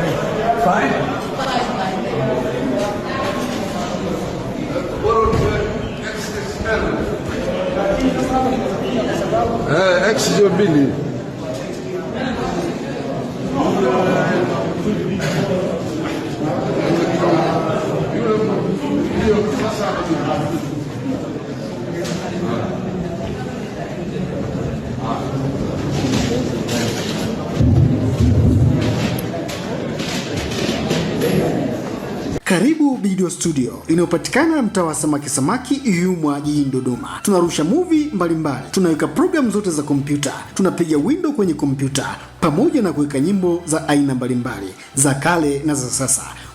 Five? Five, Uh, X is your Billy. Thank you. Karibu video studio inayopatikana mtaa wa samaki samaki yumwa jijini Dodoma. Tunarusha movie mbalimbali, tunaweka program zote za kompyuta, tunapiga window kwenye kompyuta pamoja na kuweka nyimbo za aina mbalimbali za kale na za sasa.